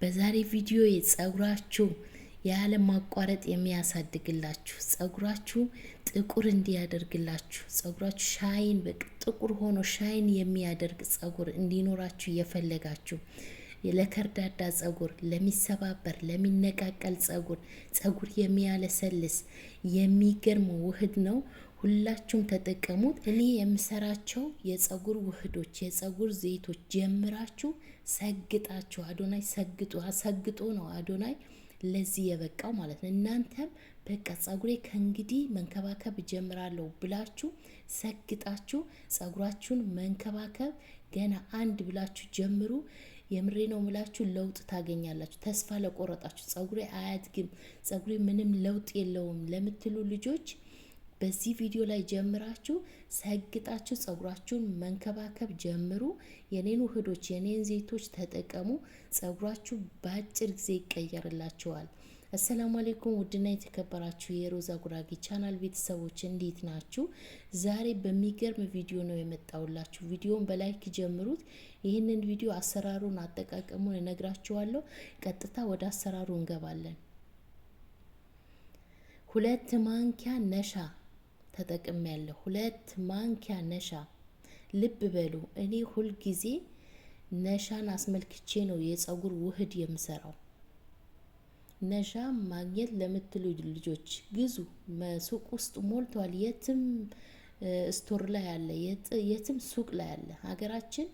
በዛሬ ቪዲዮ የጸጉራችሁ ያለ ማቋረጥ የሚያሳድግላችሁ ጸጉራችሁ ጥቁር እንዲያደርግላችሁ ጸጉራችሁ ሻይን በቃ ጥቁር ሆኖ ሻይን የሚያደርግ ጸጉር እንዲኖራችሁ እየፈለጋችሁ ለከርዳዳ ጸጉር፣ ለሚሰባበር፣ ለሚነቃቀል ጸጉር፣ ጸጉር የሚያለሰልስ የሚገርም ውህድ ነው። ሁላችሁም ተጠቀሙት። እኔ የምሰራቸው የጸጉር ውህዶች፣ የጸጉር ዘይቶች ጀምራችሁ ሰግጣችሁ አዶናይ ሰግጦ ሰግጦ ነው አዶናይ ለዚህ የበቃው ማለት ነው። እናንተም በቃ ጸጉሬ ከእንግዲህ መንከባከብ ጀምራለሁ ብላችሁ ሰግጣችሁ ጸጉራችሁን መንከባከብ ገና አንድ ብላችሁ ጀምሩ። የምሬ ነው ምላችሁ ለውጥ ታገኛላችሁ። ተስፋ ለቆረጣችሁ ጸጉሬ አያድግም፣ ጸጉሬ ምንም ለውጥ የለውም ለምትሉ ልጆች በዚህ ቪዲዮ ላይ ጀምራችሁ ሰግጣችሁ ጸጉራችሁን መንከባከብ ጀምሩ። የኔን ውህዶች የኔን ዘይቶች ተጠቀሙ። ጸጉራችሁ በአጭር ጊዜ ይቀየርላችኋል። አሰላሙ አሌይኩም ውድና የተከበራችሁ የሮዛ ጉራጌ ቻናል ቤተሰቦች እንዴት ናችሁ? ዛሬ በሚገርም ቪዲዮ ነው የመጣውላችሁ። ቪዲዮን በላይክ ጀምሩት። ይህንን ቪዲዮ አሰራሩን፣ አጠቃቀሙን እነግራችኋለሁ። ቀጥታ ወደ አሰራሩ እንገባለን። ሁለት ማንኪያ ነሻ ተጠቅሜያለሁ። ሁለት ማንኪያ ነሻ። ልብ በሉ እኔ ሁልጊዜ ነሻን አስመልክቼ ነው የፀጉር ውህድ የምሰራው። ነሻ ማግኘት ለምትሉ ልጆች ግዙ። ሱቅ ውስጥ ሞልቷል። የትም ስቶር ላይ አለ፣ የትም ሱቅ ላይ አለ። ሀገራችን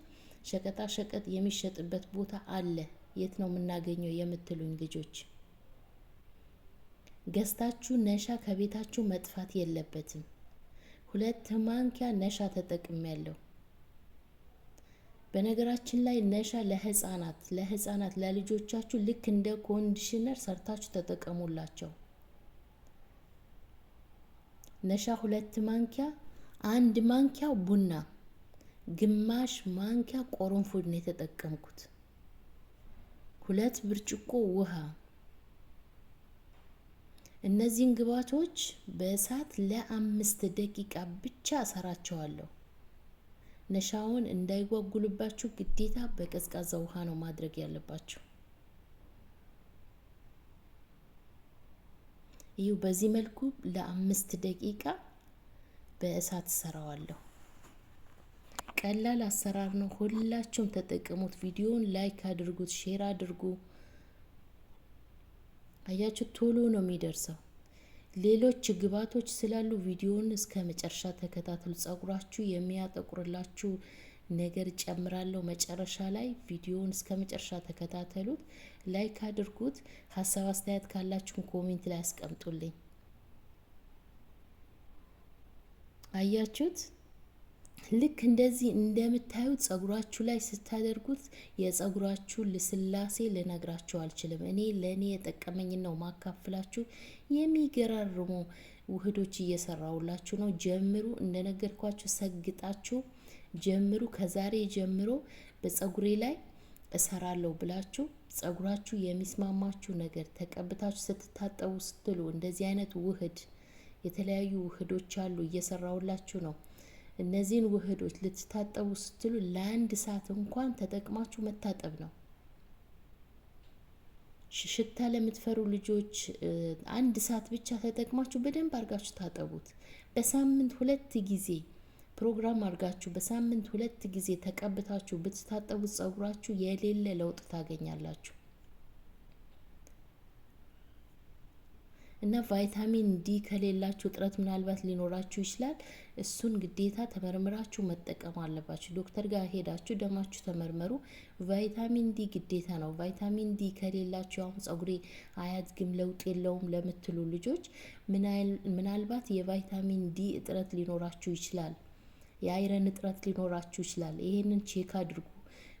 ሸቀጣ ሸቀጥ የሚሸጥበት ቦታ አለ። የት ነው የምናገኘው የምትሉኝ ልጆች ገዝታችሁ ነሻ ከቤታችሁ መጥፋት የለበትም። ሁለት ማንኪያ ነሻ ተጠቅሜያለሁ። በነገራችን ላይ ነሻ ለህፃናት ለህፃናት ለልጆቻችሁ ልክ እንደ ኮንዲሽነር ሰርታችሁ ተጠቀሙላቸው። ነሻ ሁለት ማንኪያ፣ አንድ ማንኪያ ቡና፣ ግማሽ ማንኪያ ቅርንፉድ ነው የተጠቀምኩት። ሁለት ብርጭቆ ውሃ እነዚህን ግብዓቶች በእሳት ለአምስት ደቂቃ ብቻ አሰራቸዋለሁ። ነሻውን እንዳይጓጉልባችሁ ግዴታ በቀዝቃዛ ውሃ ነው ማድረግ ያለባችሁ። ይህ በዚህ መልኩ ለአምስት ደቂቃ በእሳት ሰራዋለሁ። ቀላል አሰራር ነው። ሁላችሁም ተጠቀሙት። ቪዲዮውን ላይክ አድርጉት፣ ሼር አድርጉ። አያችሁ፣ ቶሎ ነው የሚደርሰው። ሌሎች ግብዓቶች ስላሉ ቪዲዮውን እስከ መጨረሻ ተከታተሉ። ጸጉራችሁ የሚያጠቁርላችሁ ነገር ጨምራለሁ መጨረሻ ላይ። ቪዲዮውን እስከ መጨረሻ ተከታተሉት፣ ላይክ አድርጉት። ሀሳብ አስተያየት ካላችሁን ኮሜንት ላይ አስቀምጡልኝ። አያችሁት? ልክ እንደዚህ እንደምታዩት ጸጉራችሁ ላይ ስታደርጉት የጸጉራችሁ ልስላሴ ልነግራችሁ አልችልም። እኔ ለእኔ የጠቀመኝን ነው ማካፍላችሁ። የሚገራርሙ ውህዶች እየሰራውላችሁ ነው። ጀምሩ፣ እንደነገርኳችሁ ሰግጣችሁ ጀምሩ። ከዛሬ ጀምሮ በጸጉሬ ላይ እሰራለሁ ብላችሁ ጸጉራችሁ የሚስማማችሁ ነገር ተቀብታችሁ ስትታጠቡ ስትሉ እንደዚህ አይነት ውህድ የተለያዩ ውህዶች አሉ እየሰራውላችሁ ነው። እነዚህን ውህዶች ልትታጠቡ ስትሉ ለአንድ ሰዓት እንኳን ተጠቅማችሁ መታጠብ ነው። ሽታ ለምትፈሩ ልጆች አንድ ሰዓት ብቻ ተጠቅማችሁ በደንብ አድርጋችሁ ታጠቡት። በሳምንት ሁለት ጊዜ ፕሮግራም አድርጋችሁ በሳምንት ሁለት ጊዜ ተቀብታችሁ ብትታጠቡት ጸጉራችሁ የሌለ ለውጥ ታገኛላችሁ። እና ቫይታሚን ዲ ከሌላችሁ እጥረት ምናልባት ሊኖራችሁ ይችላል። እሱን ግዴታ ተመርምራችሁ መጠቀም አለባችሁ። ዶክተር ጋር ሄዳችሁ ደማችሁ ተመርመሩ። ቫይታሚን ዲ ግዴታ ነው። ቫይታሚን ዲ ከሌላችሁ አሁን ጸጉሬ አያድግም ለውጥ የለውም ለምትሉ ልጆች ምናልባት የቫይታሚን ዲ እጥረት ሊኖራችሁ ይችላል። የአይረን እጥረት ሊኖራችሁ ይችላል። ይሄንን ቼክ አድርጉ።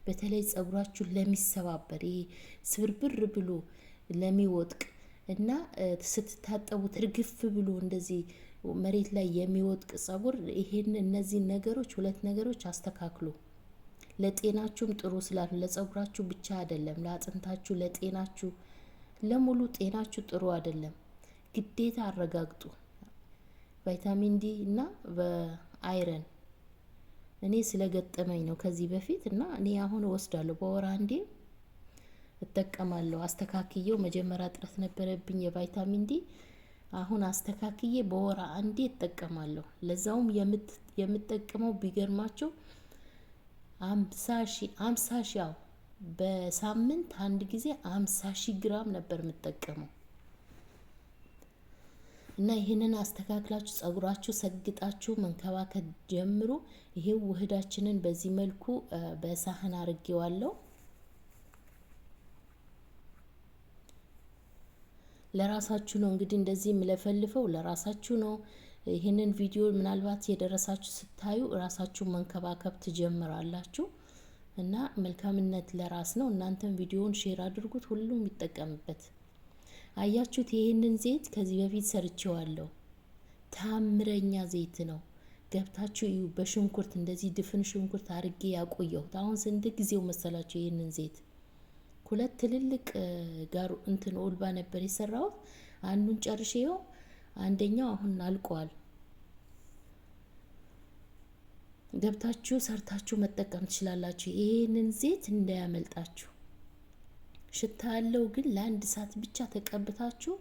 በተለይ ጸጉራችሁ ለሚሰባበር ይሄ ስብርብር ብሎ ለሚወጥቅ እና ስትታጠቡት ርግፍ ብሎ እንደዚህ መሬት ላይ የሚወድቅ ጸጉር፣ ይሄን እነዚህን ነገሮች ሁለት ነገሮች አስተካክሉ። ለጤናችሁም ጥሩ ስላሉ ለጸጉራችሁ ብቻ አይደለም፣ ለአጥንታችሁ፣ ለጤናችሁ፣ ለሙሉ ጤናችሁ ጥሩ አይደለም። ግዴታ አረጋግጡ። ቫይታሚን ዲ እና በአይረን እኔ ስለገጠመኝ ነው ከዚህ በፊት እና እኔ አሁን እወስዳለሁ በወር አንዴ እጠቀማለሁ። አስተካክዬው መጀመሪያ እጥረት ነበረብኝ የቫይታሚን ዲ አሁን አስተካክዬ በወር አንዴ እጠቀማለሁ። ለዛውም የምጠቀመው ቢገርማችሁ አምሳ ሺ አምሳ በሳምንት አንድ ጊዜ አምሳ ሺ ግራም ነበር የምጠቀመው። እና ይህንን አስተካክላችሁ ጸጉራችሁ ሰግጣችሁ መንከባከብ ጀምሩ። ይሄው ውህዳችንን በዚህ መልኩ በሳህን አድርጌዋለሁ። ለራሳችሁ ነው እንግዲህ እንደዚህ የምለፈልፈው ለራሳችሁ ነው። ይህንን ቪዲዮ ምናልባት የደረሳችሁ ስታዩ ራሳችሁን መንከባከብ ትጀምራላችሁ እና መልካምነት ለራስ ነው። እናንተም ቪዲዮውን ሼር አድርጉት፣ ሁሉም ይጠቀምበት። አያችሁት? ይህንን ዘይት ከዚህ በፊት ሰርቼዋለሁ። ታምረኛ ዘይት ነው። ገብታችሁ እዩ። በሽንኩርት እንደዚህ ድፍን ሽንኩርት አርጌ ያቆየሁት። አሁን ስንት ጊዜው መሰላችሁ ይህንን ዘይት ሁለት ትልልቅ ጋሩ እንትን ኦልባ ነበር የሰራሁት። አንዱን ጨርሼው አንደኛው አሁን አልቋል። ገብታችሁ ሰርታችሁ መጠቀም ትችላላችሁ። ይህንን ዜት እንዳያመልጣችሁ። ሽታ ያለው ግን ለአንድ ሰዓት ብቻ ተቀብታችሁ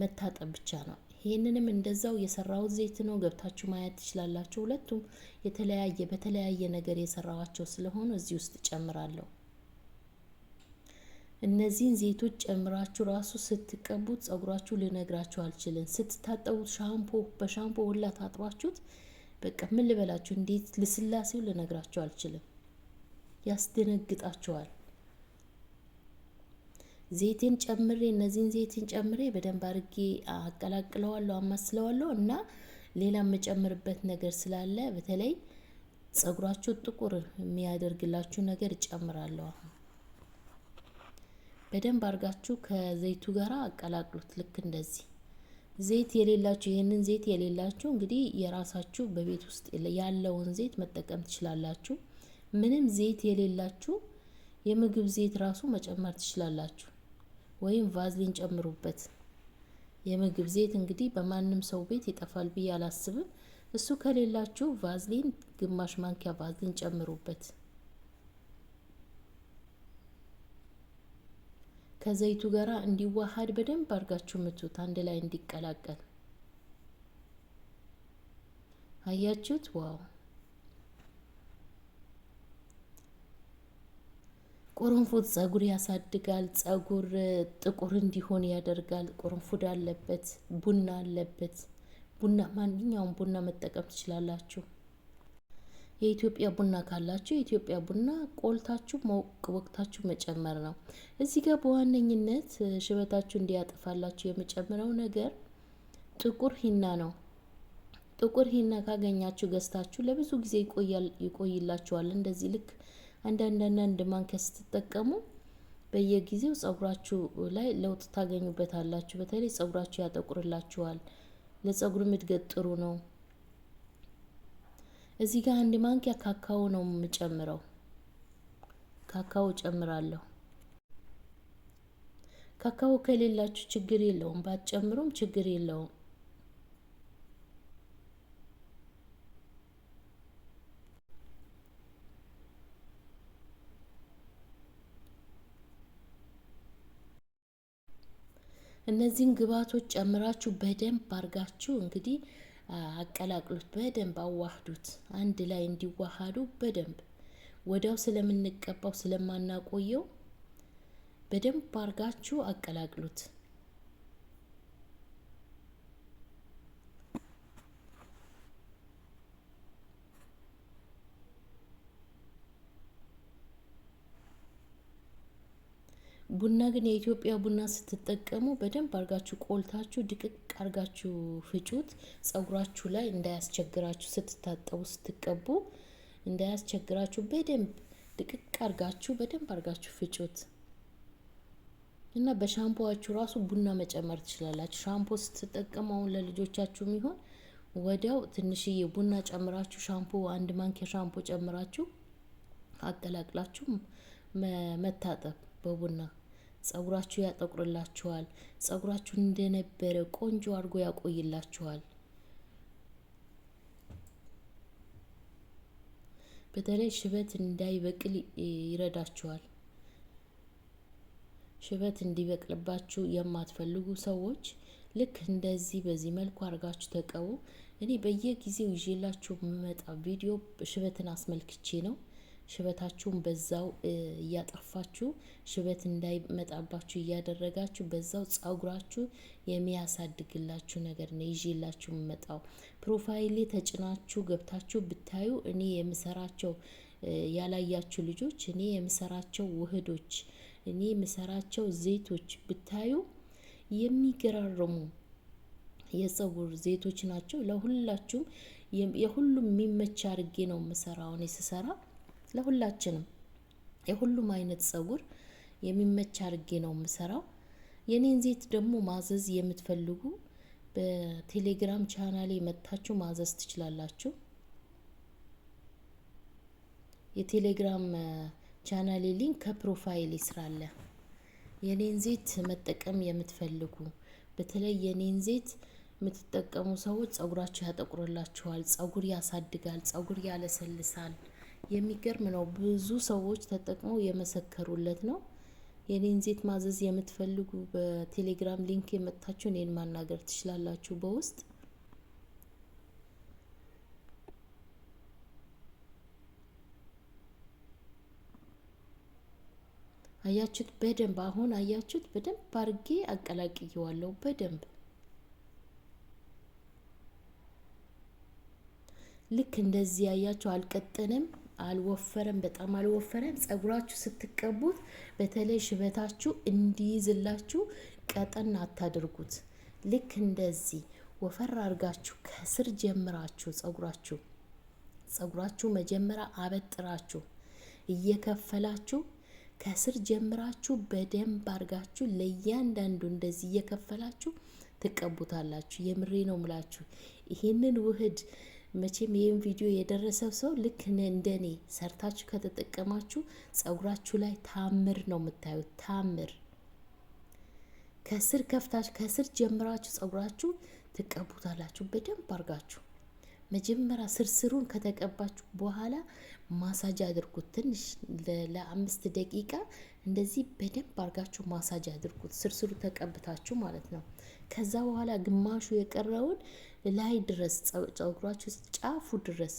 መታጠብ ብቻ ነው። ይሄንንም እንደዛው የሰራሁት ዘይት ነው። ገብታችሁ ማየት ትችላላችሁ። ሁለቱም የተለያየ በተለያየ ነገር የሰራዋቸው ስለሆኑ እዚህ ውስጥ ጨምራለሁ። እነዚህን ዘይቶች ጨምራችሁ ራሱ ስትቀቡት ጸጉራችሁ ልነግራችሁ አልችልም። ስትታጠቡት ሻምፖ በሻምፖ ሁላ ታጥባችሁት በቃ ምን ልበላችሁ፣ እንዴት ልስላሴው ልነግራችሁ አልችልም። ያስደነግጣችኋል። ዘይቴን ጨምሬ እነዚህን ዘይቴን ጨምሬ በደንብ አድርጌ አቀላቅለዋለሁ፣ አማስለዋለሁ እና ሌላ የምጨምርበት ነገር ስላለ በተለይ ጸጉራችሁ ጥቁር የሚያደርግላችሁ ነገር እጨምራለሁ። በደንብ አድርጋችሁ ከዘይቱ ጋር አቀላቅሉት። ልክ እንደዚህ ዘይት የሌላችሁ ይህንን ዘይት የሌላችሁ እንግዲህ የራሳችሁ በቤት ውስጥ ያለውን ዘይት መጠቀም ትችላላችሁ። ምንም ዘይት የሌላችሁ የምግብ ዘይት ራሱ መጨመር ትችላላችሁ፣ ወይም ቫዝሊን ጨምሩበት። የምግብ ዘይት እንግዲህ በማንም ሰው ቤት ይጠፋል ብዬ አላስብም። እሱ ከሌላችሁ ቫዝሊን፣ ግማሽ ማንኪያ ቫዝሊን ጨምሩበት። ከዘይቱ ጋር እንዲዋሃድ በደንብ አድርጋችሁ ምቱት፣ አንድ ላይ እንዲቀላቀል። አያችሁት? ዋው! ቁርንፉድ ጸጉር ያሳድጋል። ጸጉር ጥቁር እንዲሆን ያደርጋል። ቁርንፉድ አለበት፣ ቡና አለበት። ቡና ማንኛውም ቡና መጠቀም ትችላላችሁ። የኢትዮጵያ ቡና ካላችሁ የኢትዮጵያ ቡና ቆልታችሁ መውቅ ወቅታችሁ መጨመር ነው። እዚህ ጋር በዋነኝነት ሽበታችሁ እንዲያጠፋላችሁ የምጨምረው ነገር ጥቁር ሂና ነው። ጥቁር ሂና ካገኛችሁ ገዝታችሁ ለብዙ ጊዜ ይቆይላችኋል። እንደዚህ ልክ አንዳንዳና አንዳንድ ማንከስ ስትጠቀሙ በየጊዜው ጸጉራችሁ ላይ ለውጥ ታገኙበታላችሁ። በተለይ ጸጉራችሁ ያጠቁርላችኋል። ለጸጉር እድገት ጥሩ ነው። እዚህ ጋር አንድ ማንኪያ ካካው ነው የምጨምረው። ካካው ጨምራለሁ። ካካው ከሌላችሁ ችግር የለውም፣ ባትጨምሩም ችግር የለውም። እነዚህን ግብዓቶች ጨምራችሁ በደንብ አድርጋችሁ እንግዲህ አቀላቅሉት፣ በደንብ አዋህዱት። አንድ ላይ እንዲዋሃዱ በደንብ ወዲያው ስለምንቀባው ስለማናቆየው በደንብ አርጋችሁ አቀላቅሉት። ቡና ግን የኢትዮጵያ ቡና ስትጠቀሙ በደንብ አርጋችሁ ቆልታችሁ ድቅቅ አርጋችሁ ፍጩት። ጸጉራችሁ ላይ እንዳያስቸግራችሁ ስትታጠቡ ስትቀቡ እንዳያስቸግራችሁ በደንብ ድቅቅ አርጋችሁ በደንብ አርጋችሁ ፍጩት እና በሻምፖዋችሁ ራሱ ቡና መጨመር ትችላላችሁ። ሻምፖ ስትጠቀሙ አሁን ለልጆቻችሁ የሚሆን ወዲያው ትንሽዬ ቡና ጨምራችሁ ሻምፖ አንድ ማንኪያ ሻምፖ ጨምራችሁ አቀላቅላችሁ መታጠብ በቡና ጸጉራችሁ ያጠቁርላችኋል። ጸጉራችሁን እንደነበረ ቆንጆ አድርጎ ያቆይላችኋል። በተለይ ሽበት እንዳይበቅል ይረዳችኋል። ሽበት እንዲበቅልባችሁ የማትፈልጉ ሰዎች ልክ እንደዚህ በዚህ መልኩ አድርጋችሁ ተቀቡ። እኔ በየጊዜው ይዤላችሁ የምመጣ ቪዲዮ ሽበትን አስመልክቼ ነው። ሽበታችሁን በዛው እያጠፋችሁ ሽበት እንዳይመጣባችሁ እያደረጋችሁ በዛው ጸጉራችሁ የሚያሳድግላችሁ ነገር ነው ይዤላችሁ የምመጣው። ፕሮፋይሌ ተጭናችሁ ገብታችሁ ብታዩ እኔ የምሰራቸው ያላያችሁ ልጆች እኔ የምሰራቸው ውህዶች እኔ የምሰራቸው ዘይቶች ብታዩ የሚገራርሙ የጸጉር ዘይቶች ናቸው። ለሁላችሁም የሁሉም የሚመች አድርጌ ነው የምሰራው እኔ ስሰራ ለሁላችንም የሁሉም አይነት ጸጉር የሚመች አድርጌ ነው የምሰራው። የኔን ዜት ደግሞ ማዘዝ የምትፈልጉ በቴሌግራም ቻናሌ መጥታችሁ ማዘዝ ትችላላችሁ። የቴሌግራም ቻናሌ ሊንክ ከፕሮፋይል ይስራለ። የኔን ዜት መጠቀም የምትፈልጉ በተለይ የኔን ዜት የምትጠቀሙ ሰዎች ጸጉራችሁ ያጠቁርላችኋል፣ ጸጉር ያሳድጋል፣ ጸጉር ያለሰልሳል የሚገርም ነው። ብዙ ሰዎች ተጠቅመው የመሰከሩለት ነው። የኔን ዜት ማዘዝ የምትፈልጉ በቴሌግራም ሊንክ የመጣችሁ እኔን ማናገር ትችላላችሁ በውስጥ አያችሁት? በደንብ አሁን አያችሁት? በደንብ አድርጌ አቀላቅየዋለሁ። በደንብ ልክ እንደዚህ አያችሁ፣ አልቀጠንም። አልወፈረም፣ በጣም አልወፈረም። ጸጉራችሁ ስትቀቡት በተለይ ሽበታችሁ እንዲይዝላችሁ ቀጠን አታድርጉት። ልክ እንደዚህ ወፈር አድርጋችሁ ከስር ጀምራችሁ ጸጉራችሁ ጸጉራችሁ መጀመሪያ አበጥራችሁ እየከፈላችሁ ከስር ጀምራችሁ በደንብ አድርጋችሁ ለእያንዳንዱ እንደዚህ እየከፈላችሁ ትቀቡታላችሁ። የምሬ ነው ምላችሁ ይሄንን ውህድ መቼም ይህም ቪዲዮ የደረሰው ሰው ልክ እንደኔ ሰርታችሁ ከተጠቀማችሁ ጸጉራችሁ ላይ ታምር ነው የምታዩት። ታምር ከስር ከፍታችሁ ከስር ጀምራችሁ ጸጉራችሁ ትቀቡታላችሁ በደንብ አርጋችሁ። መጀመሪያ ስርስሩን ከተቀባችሁ በኋላ ማሳጅ አድርጉት። ትንሽ ለአምስት ደቂቃ እንደዚህ በደንብ አርጋችሁ ማሳጅ አድርጉት፣ ስርስሩ ተቀብታችሁ ማለት ነው። ከዛ በኋላ ግማሹ የቀረውን ላይ ድረስ ጸጉራችሁ ጫፉ ድረስ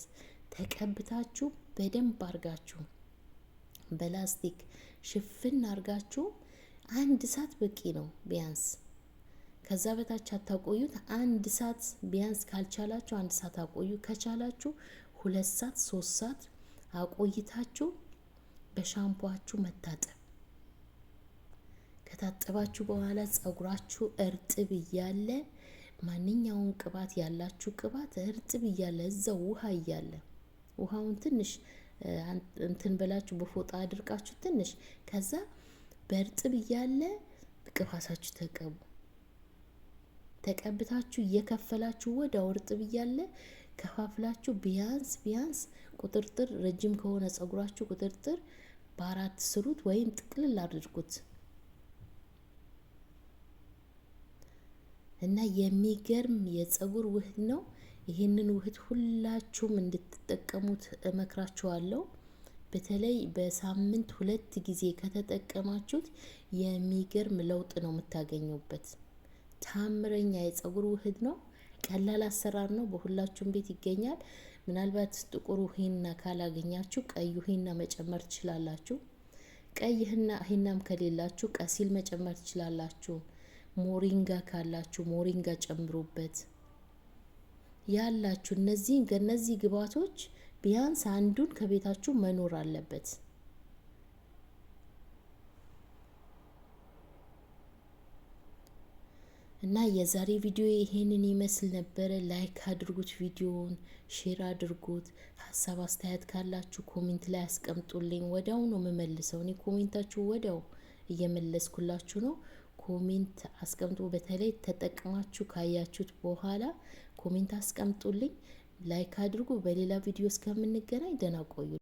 ተቀብታችሁ በደንብ አርጋችሁ በላስቲክ ሽፍን አርጋችሁ አንድ ሰዓት በቂ ነው ቢያንስ። ከዛ በታች አታቆዩት። አንድ ሰዓት ቢያንስ ካልቻላችሁ አንድ ሰዓት አቆዩ። ከቻላችሁ ሁለት ሰዓት ሶስት ሰዓት አቆይታችሁ በሻምፖችሁ መታጠብ። ከታጠባችሁ በኋላ ጸጉራችሁ እርጥብ እያለ ማንኛውም ቅባት ያላችሁ ቅባት እርጥብ እያለ እዛው ውሃ እያለ ውሃውን ትንሽ እንትን ብላችሁ በፎጣ አድርቃችሁ ትንሽ ከዛ በእርጥብ እያለ ቅባታችሁ ተቀቡ። ተቀብታችሁ እየከፈላችሁ ወዲያው እርጥብ እያለ ከፋፍላችሁ ቢያንስ ቢያንስ ቁጥርጥር ረጅም ከሆነ ጸጉራችሁ ቁጥርጥር በአራት ስሩት ወይም ጥቅልል አድርጉት። እና የሚገርም የፀጉር ውህድ ነው። ይህንን ውህድ ሁላችሁም እንድትጠቀሙት እመክራችኋለሁ። በተለይ በሳምንት ሁለት ጊዜ ከተጠቀማችሁት የሚገርም ለውጥ ነው የምታገኙበት። ታምረኛ የፀጉር ውህድ ነው። ቀላል አሰራር ነው። በሁላችሁም ቤት ይገኛል። ምናልባት ጥቁሩ ሂና ካላገኛችሁ ቀዩ ሂና መጨመር ትችላላችሁ። ቀይ ሂና ሂናም ከሌላችሁ ቀሲል መጨመር ትችላላችሁ። ሞሪንጋ ካላችሁ ሞሪንጋ ጨምሩበት ያላችሁ እነዚህ ከነዚህ ግብአቶች ቢያንስ አንዱን ከቤታችሁ መኖር አለበት። እና የዛሬ ቪዲዮ ይሄንን ይመስል ነበረ። ላይክ አድርጉት፣ ቪዲዮውን ሼር አድርጉት። ሀሳብ አስተያየት ካላችሁ ኮሜንት ላይ አስቀምጡልኝ። ወዲያው ነው የምመልሰው እኔ ኮሜንታችሁ ወዲያው እየመለስኩላችሁ ነው። ኮሜንት አስቀምጡ። በተለይ ተጠቅማችሁ ካያችሁት በኋላ ኮሜንት አስቀምጡልኝ፣ ላይክ አድርጉ። በሌላ ቪዲዮ እስከምንገናኝ ደህና ቆዩ።